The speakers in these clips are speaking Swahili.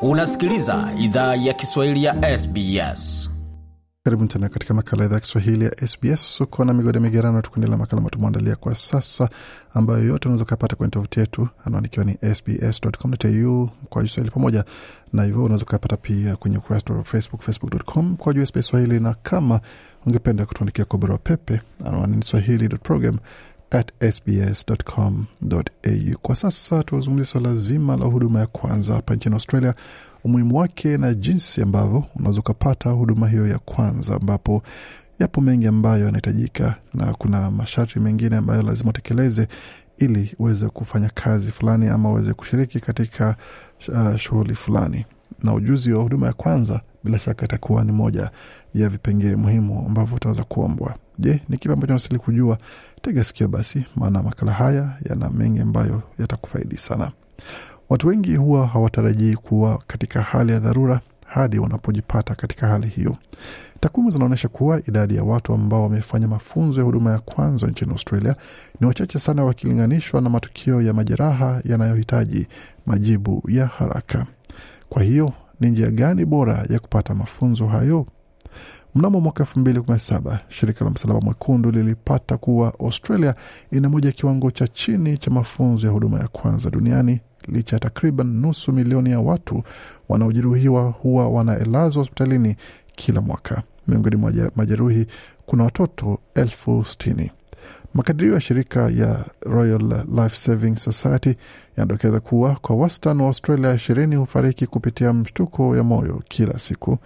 unasikiliza idhaa ya kiswahili ya sbs karibu tena katika makala idhaa ya kiswahili ya sbs uko na migode migerano tukuendelea makala tumeandalia kwa sasa ambayo yote unaweza ukapata kwenye tovuti yetu anaanikiwa ni sbscu kwa swahili pamoja na hivyo unaweza ukapata pia kwenye ukurasa wa facebook facebookcom kwa juu sbs swahili na kama ungependa kutuandikia kwa barua pepe anaani ni swahili program at sbs.com.au. Kwa sasa tuwazungumzia swala zima la huduma ya kwanza hapa nchini Australia, umuhimu wake na jinsi ambavyo unaweza ukapata huduma hiyo ya kwanza, ambapo yapo mengi ambayo yanahitajika na kuna masharti mengine ambayo lazima utekeleze ili uweze kufanya kazi fulani ama uweze kushiriki katika uh, shughuli fulani. Na ujuzi wa huduma ya kwanza bila shaka itakuwa ni moja ya vipengee muhimu ambavyo utaweza kuombwa. Je, ni kipi ambacho unastahili kujua? Tega sikio basi, maana makala haya yana mengi ambayo yatakufaidi sana. Watu wengi huwa hawatarajii kuwa katika hali ya dharura hadi wanapojipata katika hali hiyo. Takwimu zinaonyesha kuwa idadi ya watu ambao wamefanya mafunzo ya huduma ya kwanza nchini Australia ni wachache sana wakilinganishwa na matukio ya majeraha yanayohitaji majibu ya haraka. Kwa hiyo ni njia gani bora ya kupata mafunzo hayo? Mnamo mwaka saba shirika la Msalaba Mwekundu lilipata kuwa Australia ina moja kiwango cha chini cha mafunzo ya huduma ya kwanza duniani licha ya takriban nusu milioni ya watu wanaojeruhiwa huwa wanaelazwa hospitalini kila mwaka. Miongoni mwa majeruhi kuna watoto elfu sitini. Makadirio ya shirika ya Royal Life Saving Society yanadokeza kuwa kwa wastani wa Australia ishirini hufariki kupitia mshtuko ya moyo kila siku.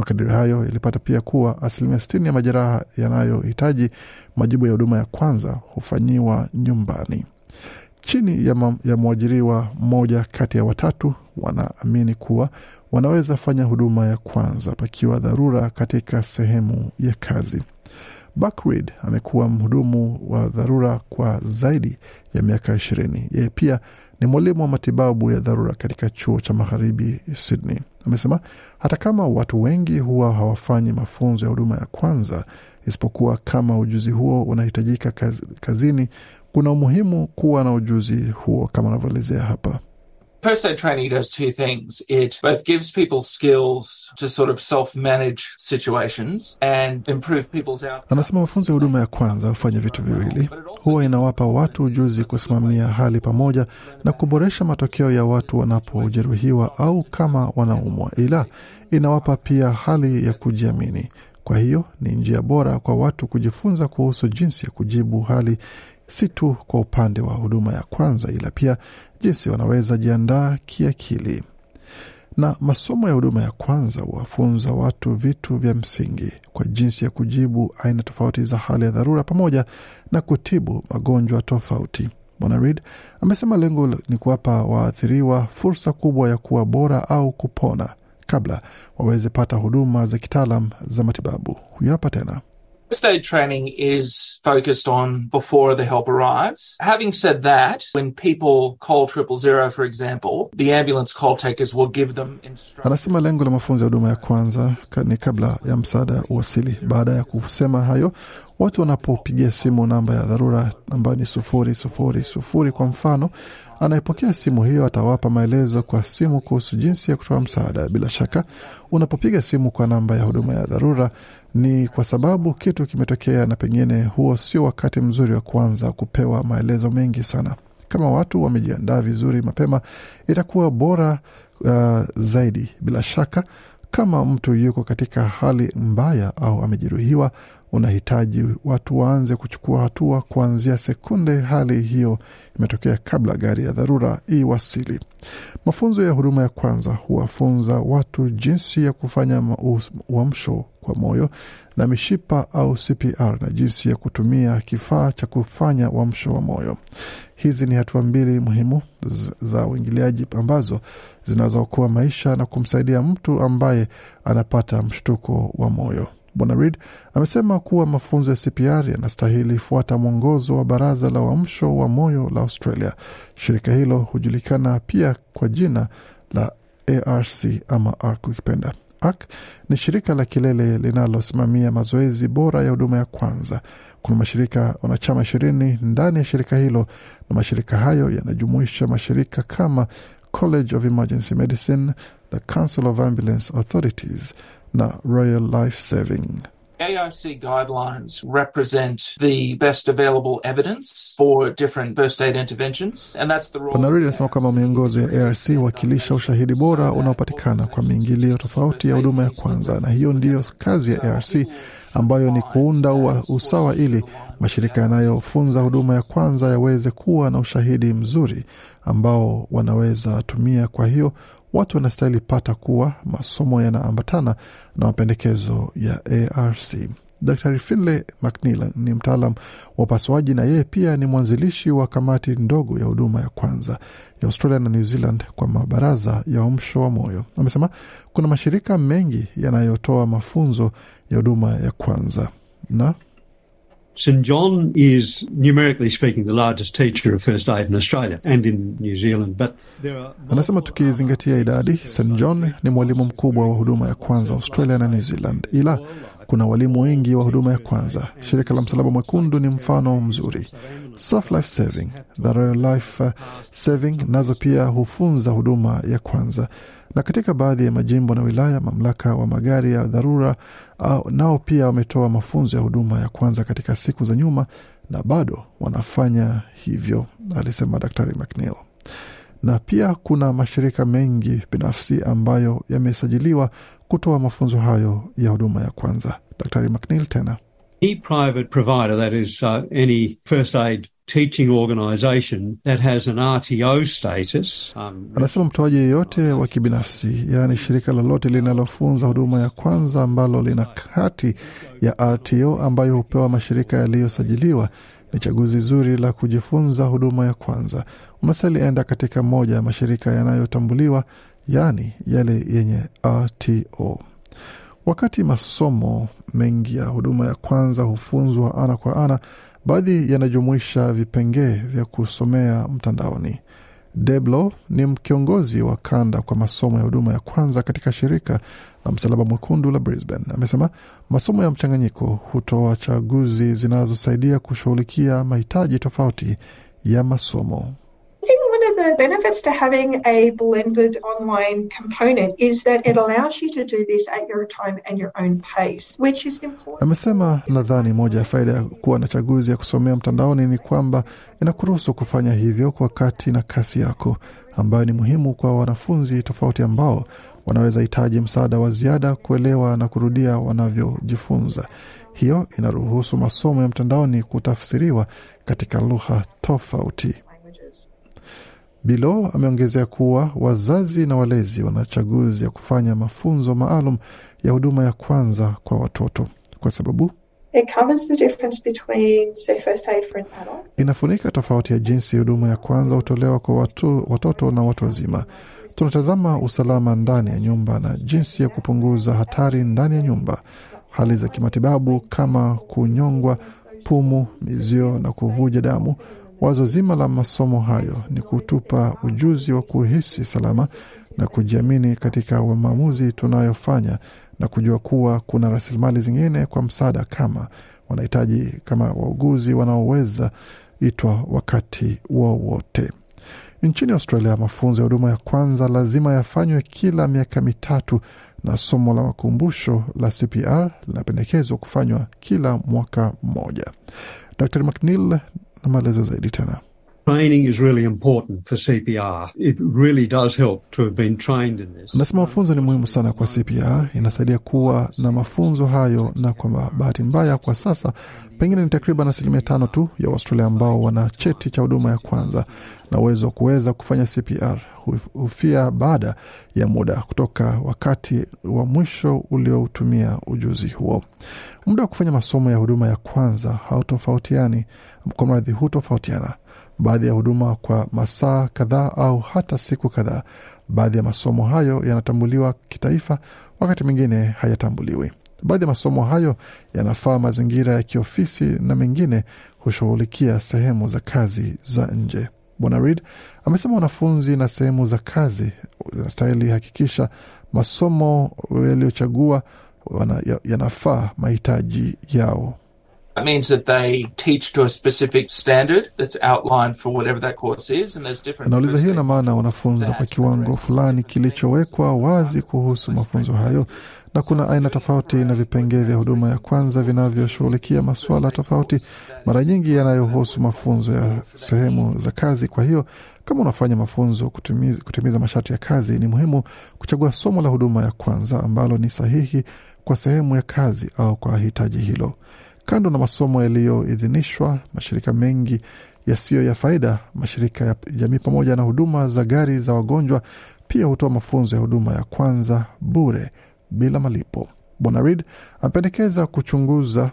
Makadirio hayo yalipata pia kuwa asilimia sitini ya majeraha yanayohitaji majibu ya huduma ya kwanza hufanyiwa nyumbani. Chini ya, ya mwajiriwa mmoja kati ya watatu wanaamini kuwa wanaweza fanya huduma ya kwanza pakiwa dharura katika sehemu ya kazi. Buckreed amekuwa mhudumu wa dharura kwa zaidi ya miaka ishirini. Yeye pia ni mwalimu wa matibabu ya dharura katika chuo cha magharibi Sydney. Amesema hata kama watu wengi huwa hawafanyi mafunzo ya huduma ya kwanza, isipokuwa kama ujuzi huo unahitajika kazini, kuna umuhimu kuwa na ujuzi huo kama anavyoelezea hapa. First aid training does two things. It both gives people skills to sort of self-manage situations and improve people's outcomes. Anasema mafunzo ya huduma ya kwanza hufanya vitu viwili. Huwa inawapa watu ujuzi kusimamia hali pamoja na kuboresha matokeo ya watu wanapojeruhiwa au kama wanaumwa, ila inawapa pia hali ya kujiamini. Kwa hiyo ni njia bora kwa watu kujifunza kuhusu jinsi ya kujibu hali si tu kwa upande wa huduma ya kwanza, ila pia jinsi wanaweza jiandaa kiakili na masomo ya huduma ya kwanza huwafunza watu vitu vya msingi kwa jinsi ya kujibu aina tofauti za hali ya dharura pamoja na kutibu magonjwa tofauti. Bwana Reid amesema lengo ni kuwapa waathiriwa fursa kubwa ya kuwa bora au kupona kabla waweze pata huduma za kitaalam za matibabu. Huyo hapa tena. First aid training is focused on before the help arrives. Having said that, when people call triple zero, for example, the ambulance call takers will give them instructions. Anasema lengo la mafunzo ya huduma ya kwanza ni kabla ya msaada uwasili. Baada ya kusema hayo, watu wanapopigia simu namba ya dharura ambayo ni sufuri sufuri sufuri kwa mfano Anayepokea simu hiyo atawapa maelezo kwa simu kuhusu jinsi ya kutoa msaada. Bila shaka, unapopiga simu kwa namba ya huduma ya dharura, ni kwa sababu kitu kimetokea, na pengine huo sio wakati mzuri wa kuanza kupewa maelezo mengi sana. Kama watu wamejiandaa vizuri mapema, itakuwa bora uh, zaidi. Bila shaka, kama mtu yuko katika hali mbaya au amejeruhiwa, unahitaji watu waanze kuchukua hatua kuanzia sekunde hali hiyo imetokea kabla gari ya dharura iwasili. Mafunzo ya huduma ya kwanza huwafunza watu jinsi ya kufanya uamsho kwa moyo na mishipa au CPR na jinsi ya kutumia kifaa cha kufanya uamsho wa moyo. Hizi ni hatua mbili muhimu za uingiliaji ambazo zinazookoa maisha na kumsaidia mtu ambaye anapata mshtuko wa moyo. Bwana Reid amesema kuwa mafunzo ya CPR yanastahili fuata mwongozo wa Baraza la Uamsho wa Moyo la Australia. Shirika hilo hujulikana pia kwa jina la ARC ama ARC ukipenda. ARC ni shirika la kilele linalosimamia mazoezi bora ya huduma ya kwanza. Kuna mashirika wanachama ishirini ndani ya shirika hilo, na mashirika hayo yanajumuisha mashirika kama College of Emergency Medicine, the Council of Ambulance Authorities, na Royal Life Saving. ARC guidelines represent the best available evidence for different first aid interventions and that's the role. Panarudi anasema kwamba miongozo ya ARC huwakilisha ushahidi bora unaopatikana kwa miingilio tofauti ya huduma ya kwanza, na hiyo ndiyo kazi ya ARC ambayo ni kuunda wa usawa ili mashirika yanayofunza huduma ya kwanza yaweze kuwa na ushahidi mzuri ambao wanaweza tumia. Kwa hiyo watu wanastahili pata kuwa masomo yanaambatana na mapendekezo ya ARC. dr Finlay mcnil ni mtaalam wa upasuaji na yeye pia ni mwanzilishi wa kamati ndogo ya huduma ya kwanza ya Australia na New Zealand kwa mabaraza ya uamsho wa moyo. Amesema kuna mashirika mengi yanayotoa mafunzo ya huduma ya kwanza na St John is, numerically speaking, the largest teacher of first aid in Australia and in New Zealand, but there are... Anasema tukizingatia idadi, St John ni mwalimu mkubwa wa huduma ya kwanza Australia na New Zealand, ila kuna walimu wengi wa huduma ya kwanza. Shirika la Msalaba Mwekundu ni mfano mzuri. Surf Life Saving, The Royal Life uh, Saving nazo pia hufunza huduma ya kwanza. Na katika baadhi ya majimbo na wilaya, mamlaka wa magari ya dharura nao pia wametoa mafunzo ya huduma ya kwanza katika siku za nyuma, na bado wanafanya hivyo, alisema Daktari McNeil na pia kuna mashirika mengi binafsi ambayo yamesajiliwa kutoa mafunzo hayo ya huduma ya kwanza. Daktari McNeil tena teaching organization that has an RTO status. Um, anasema mtoaji yeyote wa kibinafsi, yaani shirika lolote linalofunza huduma ya kwanza ambalo lina hati ya RTO ambayo hupewa mashirika yaliyosajiliwa ni chaguzi zuri la kujifunza huduma ya kwanza. Unasali enda katika moja ya mashirika yanayotambuliwa, yaani yale yenye RTO. Wakati masomo mengi ya huduma ya kwanza hufunzwa ana kwa ana Baadhi yanajumuisha vipengee vya kusomea mtandaoni. Deblo ni mkiongozi wa kanda kwa masomo ya huduma ya kwanza katika shirika la Msalaba Mwekundu la Brisbane. Amesema masomo ya mchanganyiko hutoa chaguzi zinazosaidia kushughulikia mahitaji tofauti ya masomo the benefits to having a blended online component is that it allows you to do this at your time and your own pace, which is important. Amesema nadhani moja ya faida ya kuwa na chaguzi ya kusomea mtandaoni ni kwamba inakuruhusu kufanya hivyo kwa wakati na kasi yako, ambayo ni muhimu kwa wanafunzi tofauti ambao wanaweza hitaji msaada wa ziada kuelewa na kurudia wanavyojifunza. Hiyo inaruhusu masomo ya mtandaoni kutafsiriwa katika lugha tofauti. Bilo ameongezea kuwa wazazi na walezi wana chaguzi ya kufanya mafunzo maalum ya huduma ya kwanza kwa watoto kwa sababu It covers the difference between, say, first aid for an adult. Inafunika tofauti ya jinsi huduma ya kwanza hutolewa kwa watu, watoto na watu wazima. Tunatazama usalama ndani ya nyumba na jinsi ya kupunguza hatari ndani ya nyumba, hali za kimatibabu kama kunyongwa, pumu, mizio na kuvuja damu, Wazo zima la masomo hayo ni kutupa ujuzi wa kuhisi salama na kujiamini katika maamuzi tunayofanya na kujua kuwa kuna rasilimali zingine kwa msaada kama wanahitaji, kama wauguzi wanaoweza itwa wakati wowote wa Nchini Australia, mafunzo ya huduma ya kwanza lazima yafanywe kila miaka mitatu na somo la makumbusho la CPR linapendekezwa kufanywa kila mwaka mmoja. Dr McNeil na maelezo zaidi tena. Anasema mafunzo ni muhimu sana kwa CPR, inasaidia kuwa na mafunzo hayo, na kwa bahati mbaya kwa sasa pengine ni takriban asilimia tano tu ya Waustralia ambao wana cheti cha huduma ya kwanza na uwezo wa kuweza kufanya CPR hufia baada ya muda kutoka wakati wa mwisho uliotumia ujuzi huo. Muda wa kufanya masomo ya huduma ya kwanza hautofautiani kwa mradhi, hutofautiana baadhi ya huduma kwa masaa kadhaa au hata siku kadhaa. Baadhi ya masomo hayo yanatambuliwa kitaifa, wakati mwingine hayatambuliwi. Baadhi ya masomo hayo yanafaa mazingira ya kiofisi na mengine hushughulikia sehemu za kazi za nje. Bwana Reid amesema wanafunzi na sehemu za kazi zinastahili hakikisha masomo yaliyochagua yanafaa mahitaji yao. Anauliza, hiyo ina maana wanafunza kwa kiwango fulani kilichowekwa wazi kuhusu mafunzo hayo na kuna aina tofauti na vipengee vya huduma ya kwanza vinavyoshughulikia masuala tofauti, mara nyingi yanayohusu mafunzo ya sehemu za kazi. Kwa hiyo kama unafanya mafunzo kutimiza, kutimiza masharti ya kazi, ni muhimu kuchagua somo la huduma ya kwanza ambalo ni sahihi kwa sehemu ya kazi au kwa hitaji hilo. Kando na masomo yaliyoidhinishwa, mashirika mengi yasiyo ya faida, mashirika ya jamii pamoja na huduma za gari za wagonjwa pia hutoa mafunzo ya huduma ya kwanza bure bila malipo. Bwana Reid amependekeza kuchunguza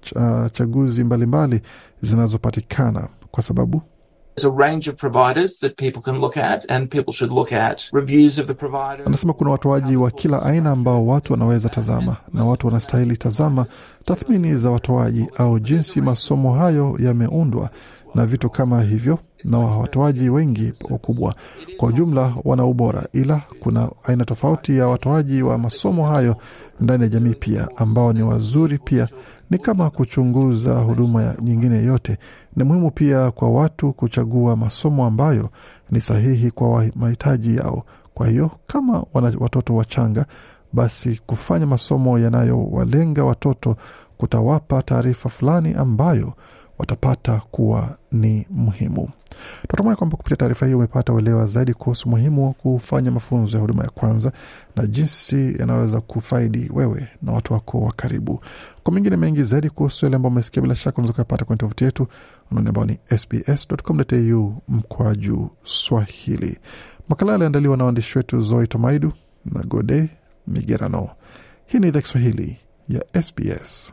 ch uh, chaguzi mbalimbali zinazopatikana kwa sababu Anasema kuna watoaji wa kila aina ambao watu wanaweza tazama na watu wanastahili tazama tathmini za watoaji au jinsi masomo hayo yameundwa na vitu kama hivyo, na watoaji wengi wakubwa kwa ujumla wana ubora, ila kuna aina tofauti ya watoaji wa masomo hayo ndani ya jamii pia ambao ni wazuri pia ni kama kuchunguza huduma nyingine yote. Ni muhimu pia kwa watu kuchagua masomo ambayo ni sahihi kwa mahitaji yao. Kwa hiyo kama wana watoto wachanga, basi kufanya masomo yanayowalenga watoto kutawapa taarifa fulani ambayo watapata kuwa ni muhimu. Tunatumai kwamba kupitia taarifa hii umepata uelewa zaidi kuhusu umuhimu wa kufanya mafunzo ya huduma ya kwanza na jinsi yanaweza kufaidi wewe na watu wako wa karibu. Kwa mengine mengi zaidi kuhusu yale ambao umesikia, bila shaka unaweza kuyapata kwenye tovuti yetu anaoni ambao ni sbs.com.au mkwaju Swahili. Makala aliandaliwa na waandishi wetu Zoe Tomaidu na Gode Migerano. Hii ni idhaa Kiswahili ya SBS